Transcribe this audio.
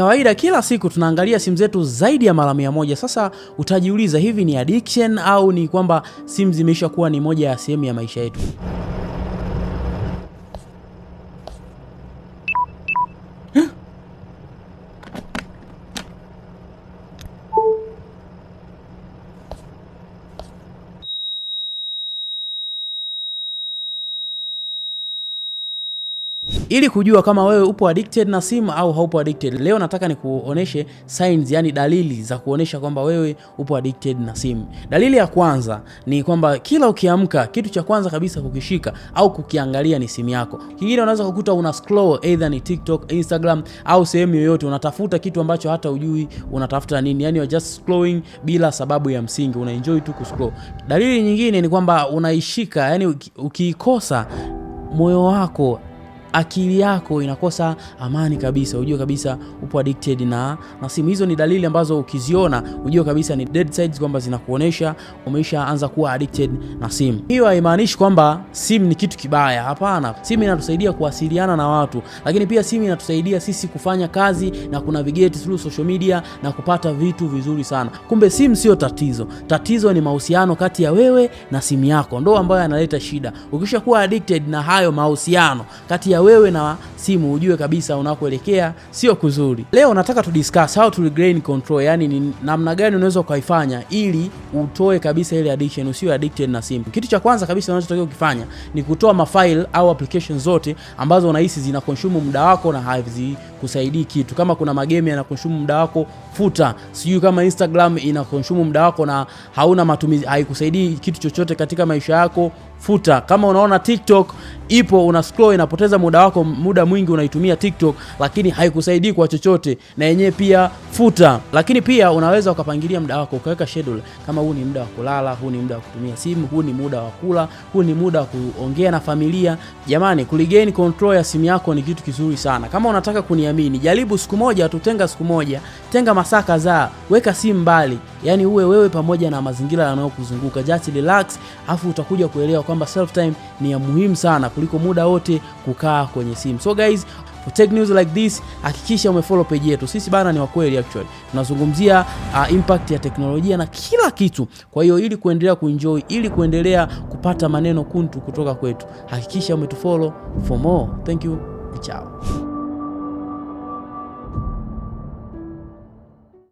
kawaida kila siku tunaangalia simu zetu zaidi ya mara mia moja. Sasa utajiuliza hivi ni addiction au ni kwamba simu zimeisha kuwa ni moja ya sehemu ya maisha yetu? Ili kujua kama wewe upo addicted na simu au haupo addicted, leo nataka nikuoneshe signs, yani dalili za kuonesha kwamba wewe upo addicted na simu. Dalili ya kwanza ni kwamba kila ukiamka, kitu cha kwanza kabisa kukishika au kukiangalia ni simu yako. Kingine unaweza kukuta una scroll either ni TikTok, Instagram au sehemu yoyote, unatafuta kitu ambacho hata ujui unatafuta nini, yani you're just scrolling bila sababu ya msingi, una enjoy tu kuscroll. Dalili nyingine ni kwamba unaishika, yani ukiikosa moyo wako akili yako inakosa amani kabisa, ujue kabisa upo addicted na na simu. Hizo ni dalili ambazo ukiziona ujue kabisa ni dead sides, kwamba zinakuonesha umeshaanza anza kuwa addicted na simu. Hiyo haimaanishi kwamba simu ni kitu kibaya, hapana. Simu inatusaidia kuwasiliana na watu, lakini pia simu inatusaidia sisi kufanya kazi na kuna vigeti through social media na kupata vitu vizuri sana. Kumbe simu sio tatizo, tatizo ni mahusiano kati ya wewe na simu yako, ndo ambayo analeta shida. Ukishakuwa addicted na hayo mahusiano kati ya wewe na simu ujue kabisa unakoelekea sio kuzuri. Leo nataka tu discuss how to regain control, yani ni namna gani unaweza ukaifanya ili utoe kabisa ile addiction, usiwe addicted na simu. Kitu cha kwanza kabisa unachotakiwa kufanya ni kutoa mafile au application zote ambazo unahisi zina consume muda wako na hazikusaidii kitu. Kama kuna magame yana consume muda wako, futa. Sijui kama Instagram ina consume muda wako na hauna matumizi, haikusaidii kitu chochote katika maisha yako, futa. Kama unaona TikTok ipo, una scroll, inapoteza muda wako, muda mwingi unaitumia TikTok, lakini haikusaidii kwa chochote, na yenyewe pia futa. Lakini pia unaweza ukapangilia muda wako, ukaweka schedule kama huu ni muda wa kulala, huu ni muda wa kutumia simu, huu ni muda wa kula, huu ni muda wa kuongea na familia. Jamani, kuligain control ya simu yako ni kitu kizuri sana. Kama unataka kuniamini, jaribu siku moja, tutenga siku moja, tenga masaa kadhaa, weka simu mbali yani uwe wewe pamoja na mazingira yanayokuzunguka just relax, afu utakuja kuelewa kwamba self time ni ya muhimu sana kuliko muda wote kukaa kwenye simu. So guys, for tech news like this hakikisha umefollow page yetu. Sisi bana ni wakweli, actually tunazungumzia uh, impact ya teknolojia na kila kitu. Kwa hiyo ili kuendelea kuenjoy, ili kuendelea kupata maneno kuntu kutoka kwetu, hakikisha umetufollow for more. Thank you, chao.